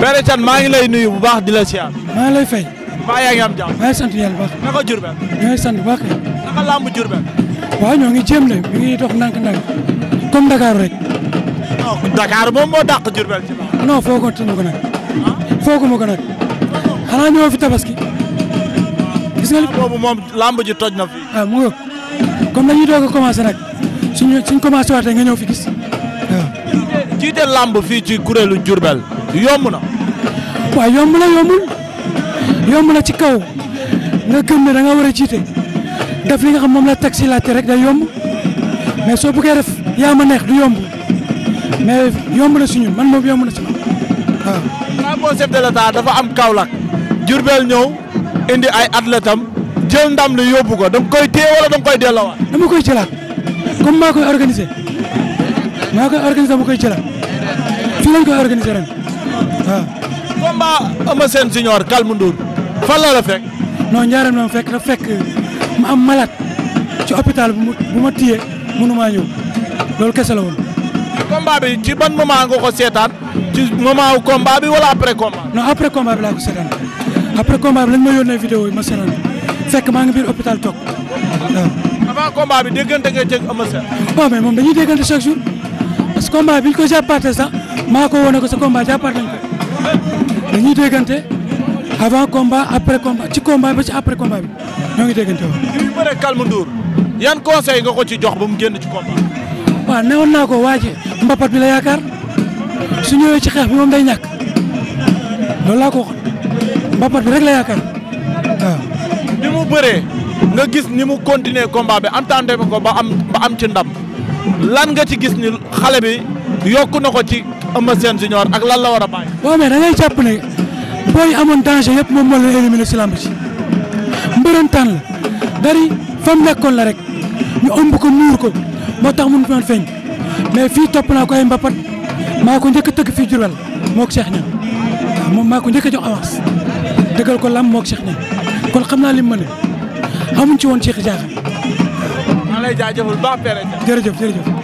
Père Thiam maa ngi lay nuyu bu baax di la siyaar. maa lay fay. mbaa yaa ngi am jàmm. sant yàlla bu baax. naka Diourbel. ñoo ngi sant bu baax. naka làmb Diourbel. ñoo ngi jéem de ngi dox ndànk-ndànk comme Dakar rek. non Dakar moom moo dàq Diourbel ci ma. non foo ko tënku ko nag. Ah? foo ko ma ñëw fi tabaski. gis nga li ah, boobu moom làmb ji toj na fi. waaw ah, mu ngi comme dañuy doog a commencé nag suñu suñ commencé waatee nga ñëw fi gis waaw. jiite làmb fii ci kuréelu Diourbel yomb na. waaw yomb la yombul yomb la ci kaw nga gëm ne nga war a jiite def li nga xam moom la si laajte rek nga yomb mais soo buggee def yaa ma neex du yomb mais yomb na si ñun man moom yomb na si man waaw. drapeau chef dafa am Kaolack. Jurbel ñëw indi ay athlètes jël ndam li yóbbu ko da nga koy téye wala da nga koy delloowaat. dama koy jëlaat comme maa koy organisé maa koy organisé dama koy jëlaat fii lañ koy organisé ren combat a Sène Junior Calme Ndour fan la la fekk. non ñaareel na fekk dafa fekk ma am malade ci hôpital bu ma bu ma téye mënumaa ñëw loolu kese la woon. combat bi ci ban moment nga ko seetaan ci moment wu combat bi wala après combat. non après combat bi laa ko seetaan après combat bi lañ ma yónnee vidéo ma seetaan fekk maa ngi biir hôpital toog waaw. avant combat bi déggante nga jëg Eumeu Sène. dañuy déggante chaque jour bi ko jàppaatee sax maa ko wane ko sa combat jàppaat nañ ko. dañuy déggante avant comba après combat ci combat ba ci après combat bi ñoo ngi déggante woon. muy bëre Calme Ndour yan conseil nga ko ci jox ba mu génn ci combat. waaw newoon naa ko waaje mbappat bi la yaakaar su ñëwee ci xeex bi moom day ñàkk loolu laa ko waxoon bi rek la yaakaar waaw. bi mu bëree nga gis ni mu continuer comba bi entendre ko ba am ba am ci ndam lan nga ci gis ni xale bi yokk na ko ci. Eumeu Sène Junior ak lan la war a bàyyi. waaw mais da ngay jàpp ne booy amoon danger yëpp moom moo leen éliminé si lamb ci mbërëntaan la dari fam nekkoon la rek ñu ëmb ko muur ko moo tax mun fi feeñ mais fii topp naa ko ay mbapat maa ko njëkk a tëgg fii Diourbel moo ko Cheikh Niang moom maa ko njëkk jox avance dëggal ko lamb moo ko Cheikh Niang kon xam naa li mu mën a xamuñ ci woon Cheikh Diakha. maa lay jaajëfal